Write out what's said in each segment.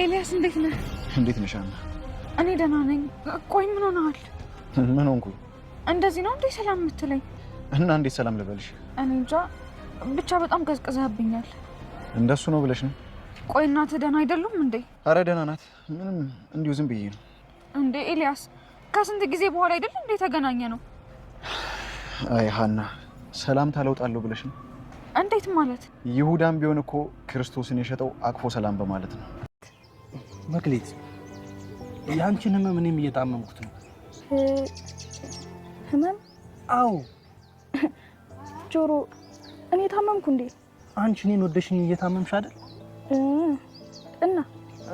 ኤልያስ እንዴት ነህ? እንዴት ነሽ አና? እኔ ደህና ነኝ። ቆይ ምን ሆነሃል? ምን ሆንኩ? እንደዚህ ነው እንዴ ሰላም የምትለኝ? እና እንዴት ሰላም ልበልሽ? እኔ እንጃ ብቻ በጣም ቀዝቅዘህብኛል። እንደሱ ነው ብለሽ ነው? ቆይ እናትህ ደህና አይደሉም እንዴ? አረ ደህና ናት። ምንም እንዲሁ ዝም ብዬ ነው። እንዴ ኤልያስ ከስንት ጊዜ በኋላ አይደለም እንዴ ተገናኘ ነው? አይ ሀና ሰላም ታለውጣለሁ ብለሽ ነው? እንዴት ማለት? ይሁዳም ቢሆን እኮ ክርስቶስን የሸጠው አቅፎ ሰላም በማለት ነው። መክሌት የአንቺን ህመም እኔም እየታመምኩት ነው። ህመም? አዎ። ጆሮ እኔ ታመምኩ እንዴ? አንቺ እኔን ወደሽኝ እየታመምሽ አይደል? እና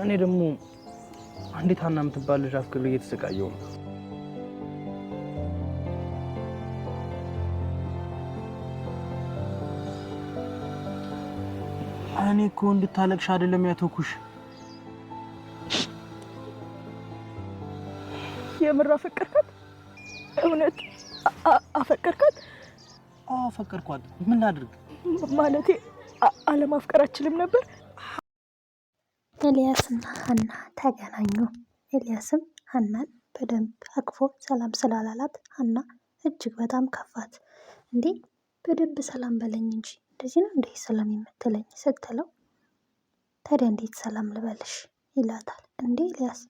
እኔ ደግሞ አንዲት ሀና የምትባል ልጅ አፍቅሬ እየተሰቃየሁ ነው። እኔ እኮ እንድታለቅሽ አይደለም ያተኩሽ የምር አፈቀርካት? እውነት አፈቀርካት? አዎ አፈቀርኳት። ምን ላድርግ? ማለቴ አለማፍቀር አችልም ነበር። ኤልያስና ሀና ተገናኙ። ኤልያስም ሀናን በደንብ አቅፎ ሰላም ስላላላት ሀና እጅግ በጣም ከፋት። እንዴ በደንብ ሰላም በለኝ እንጂ እንደዚህ ነው እንዴ ሰላም የምትለኝ ስትለው፣ ታዲያ እንዴት ሰላም ልበልሽ ይላታል። እንዴ ኤልያስ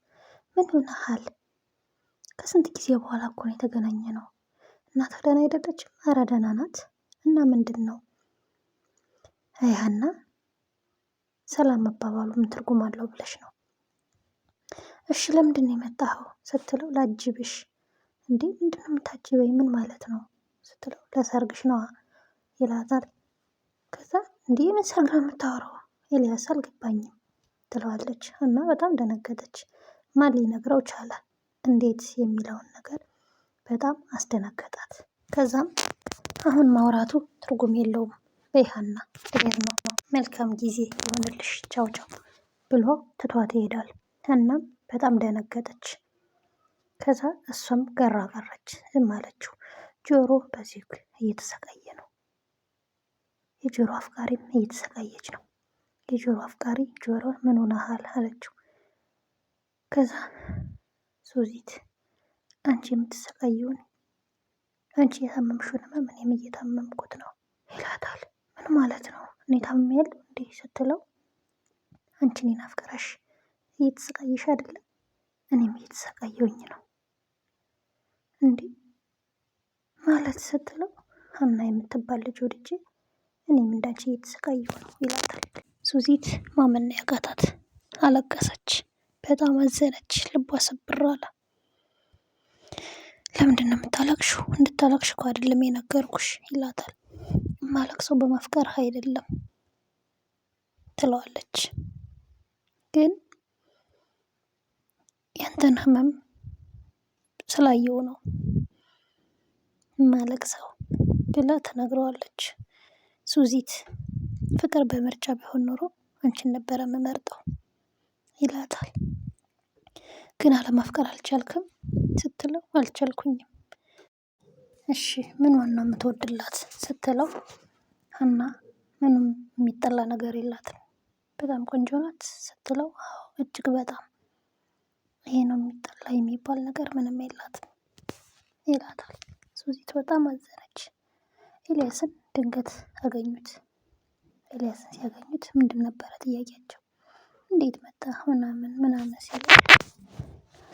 ምን ሆነሃል? ከስንት ጊዜ በኋላ እኮ ነው የተገናኘ ነው። እናቷ ደህና አይደለችም? ኧረ ደህና ናት። እና ምንድን ነው ይህና ሰላም መባባሉ ምን ትርጉም አለው ብለሽ ነው? እሺ ለምንድን ነው የመጣኸው ስትለው ላጅብሽ። እንዴ ምንድን ነው የምታጅበኝ? ምን ማለት ነው ስትለው ለሰርግሽ ነዋ ይላታል። ከዛ እንዴ ምን ሰርግ ነው የምታወራው? ኤልያስ አልገባኝም ትለዋለች እና በጣም ደነገጠች። ማን ሊነግረው ቻለ? እንዴት የሚለውን ነገር በጣም አስደነገጣት። ከዛም አሁን ማውራቱ ትርጉም የለውም በይሃና ድሄር ነው መልካም ጊዜ የሆነልሽ ቻው ቻው ብሎ ትቷት ይሄዳል። እናም በጣም ደነገጠች። ከዛ እሷም ገራ ቀረች፣ ዝም አለችው። ጆሮ በዚህ እየተሰቃየ ነው። የጆሮ አፍቃሪም እየተሰቃየች ነው። የጆሮ አፍቃሪ ጆሮ ምን ሆነሃል አለችው። ከዛ ሱዚት አንቺ የምትሰቃየውን አንቺ የታመምሽውን ህመም እኔም እየታመምኩት ነው ይላታል። ምን ማለት ነው እኔ ታምሜ እንዴ ስትለው አንቺ እኔን አፍቅረሽ እየተሰቃየሽ አይደለም እኔም እየተሰቃየሁኝ ነው እንዴ ማለት ስትለው ሀና የምትባል ልጅ ወድጄ እኔም እንዳንቺ እየተሰቃየሁ ነው ይላታል። ሱዚት ማመን ያቃታት አለቀሰች። በጣም አዘነች። ልቧ ስብር አለ። ለምንድን ነው የምታለቅሹ? እንድታለቅሽ እኮ አይደለም የነገርኩሽ ይላታል። የማለቅሰው በመፍቀር አይደለም ትለዋለች። ግን ያንተን ህመም ስላየው ነው የማለቅሰው ብላ ተነግረዋለች። ሱዚት ፍቅር በምርጫ ቢሆን ኖሮ አንቺን ነበረ የምመርጠው ይላታል። ግን አለማፍቀር አልቻልክም ስትለው አልቻልኩኝም። እሺ ምን ዋና የምትወድላት ስትለው ሀና ምንም የሚጠላ ነገር የላትም በጣም ቆንጆ ናት ስትለው አዎ እጅግ በጣም ይሄ ነው የሚጠላ የሚባል ነገር ምንም የላትም ይላታል። ሱዚት በጣም አዘነች። ኤልያስን ድንገት አገኙት። ኤልያስን ሲያገኙት ምንድን ነበረ ጥያቄያቸው? እንዴት መጣ ምናምን ምናምን ሲሉ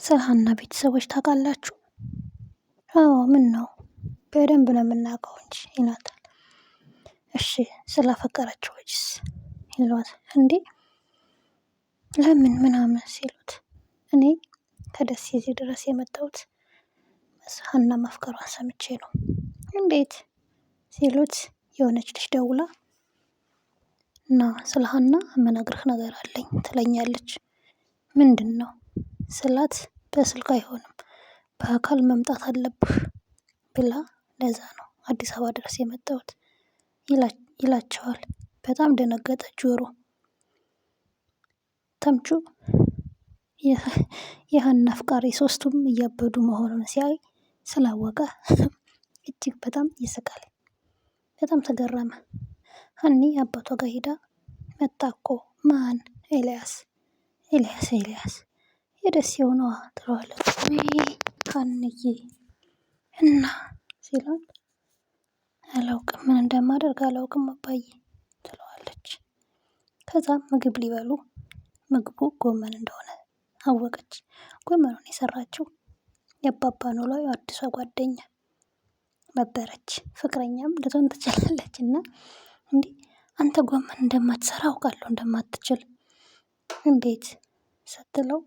ስለ ሀና ቤተሰቦች ታውቃላችሁ? አዎ፣ ምን ነው በደንብ ነው የምናውቀው እንጂ ይላታል። እሺ ስላፈቀረችው ልጅስ ይሏት እንዴ ለምን ምናምን ሲሉት እኔ ከደሴ እዚህ ድረስ የመጣሁት ሀና ማፍቀሯን ሰምቼ ነው። እንዴት ሲሉት የሆነች ልጅ ደውላ እና ስለ ሀና የምነግርህ ነገር አለኝ ትለኛለች። ምንድን ነው ስላት በስልክ አይሆንም በአካል መምጣት አለብህ ብላ ለዛ ነው አዲስ አበባ ድረስ የመጣሁት ይላቸዋል። በጣም ደነገጠ ጆሮ። ተምቹ የሀና አፍቃሪ ሶስቱም እያበዱ መሆኑን ሲያይ ስላወቀ እጅግ በጣም ይስቃል። በጣም ተገረመ። ሀኒ አባቷ ጋር ሄዳ መጣ እኮ ማን? ኤልያስ ኤልያስ ኤልያስ የደስ የሆነዋ ትለዋለች። ወይ ሀንዬ እና ሲላት አላውቅም ምን እንደማደርግ አላውቅም አባዬ ትለዋለች። ከዛም ምግብ ሊበሉ ምግቡ ጎመን እንደሆነ አወቀች። ጎመኑን የሰራችው የአባባ ኖላዊ አዲሷ ጓደኛ ነበረች። ፍቅረኛም ልትሆን ትችላለች። እና እንዲህ አንተ ጎመን እንደማትሰራ አውቃለሁ እንደማትችል እንዴት ስትለው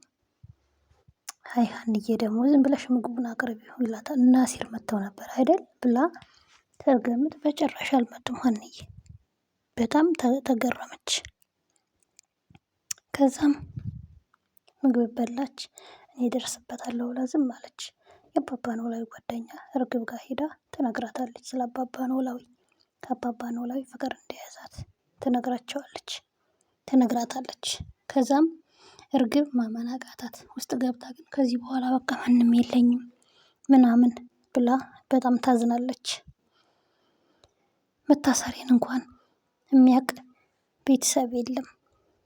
አይ ሀንዬ ደግሞ ዝም ብለሽ ምግቡን አቅርቢው ይላታል። ናሲር መጥተው ነበር አይደል ብላ ተገምት፣ በጭራሽ አልመጡም ሀንዬ በጣም ተገረመች። ከዛም ምግብ በላች። እኔ ደርስበታለሁ ብላ ዝም አለች። የአባባ ኖላዊ ጓደኛ እርግብ ጋር ሄዳ ትነግራታለች። ስለ አባባ ኖላዊ ከአባባ ኖላዊ ፍቅር እንደያዛት ትነግራቸዋለች ትነግራታለች። ከዛም እርግብ ማመን ውስጥ ገብታ ግን ከዚህ በኋላ በቃ ማንም የለኝም ምናምን ብላ በጣም ታዝናለች። መታሰሬን እንኳን የሚያውቅ ቤተሰብ የለም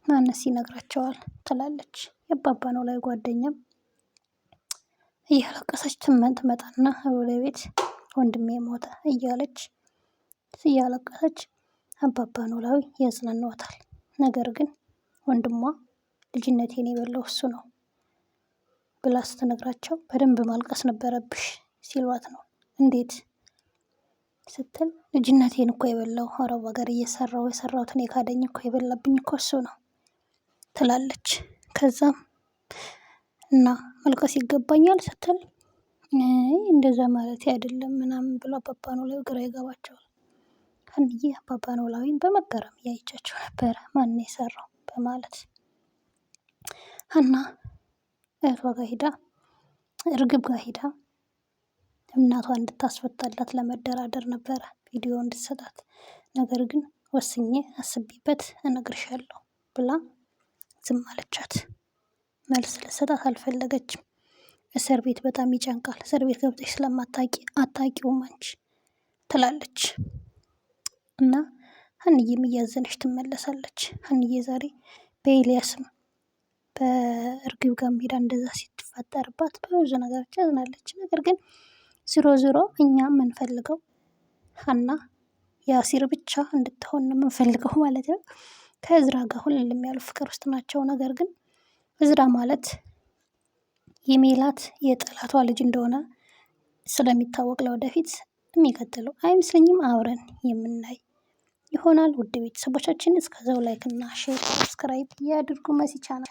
ማነስ ይነግራቸዋል ትላለች። የባባ ነው ላይ ጓደኛም እያለቀሰች ትመንት መጣና ወደ ቤት ወንድሜ ሞተ እያለች እያለቀሰች አባባ ኖላዊ ያጽናኗታል። ነገር ግን ወንድሟ ልጅነቴን የበላው እሱ ነው ብላ ስትነግራቸው በደንብ ማልቀስ ነበረብሽ ሲሏት ነው እንዴት ስትል ልጅነቴን እኮ የበላው አረብ ሀገር እየሰራው የሰራሁትን የካደኝ እኮ የበላብኝ እኮ እሱ ነው ትላለች። ከዛም እና መልቀስ ይገባኛል ስትል እንደዛ ማለት አይደለም ምናምን ብሎ አባባ ኖላዊ ግራ ይገባቸዋል። አንድዬ አባባ ኖላዊን በመገረም እያየቻቸው ነበረ ማን የሰራው በማለት እና እህቷ ጋር ሄዳ እርግብ ጋር ሄዳ እናቷ እንድታስፈታላት ለመደራደር ነበረ ቪዲዮ እንድትሰጣት። ነገር ግን ወስኜ አስቢበት እነግርሻለሁ ብላ ዝም አለቻት። መልስ ልሰጣት አልፈለገችም። እስር ቤት በጣም ይጨንቃል። እስር ቤት ገብተሽ ስለማታቂ አታቂውም አንቺ ትላለች እና ሀንዬም እያዘነች ትመለሳለች። ሀንዬ ዛሬ በኤልያስም በእርግብ ጋር ሄዳ እንደዛ ሲትፈጠርባት በብዙ ነገሮች አዝናለች። ነገር ግን ዝሮ ዝሮ እኛ የምንፈልገው ሀና የአሲር ብቻ እንድትሆን ነው የምንፈልገው ማለት ነው። ከእዝራ ጋር ሁሉም ያሉ ፍቅር ውስጥ ናቸው። ነገር ግን እዝራ ማለት የሜላት የጠላቷ ልጅ እንደሆነ ስለሚታወቅ ለወደፊት የሚቀጥለው አይመስለኝም አብረን የምናይ ይሆናል። ውድ ቤተሰቦቻችን እስከዛው ላይክ እና ሼር ሰብስክራይብ ያድርጉ። መሲ ነው።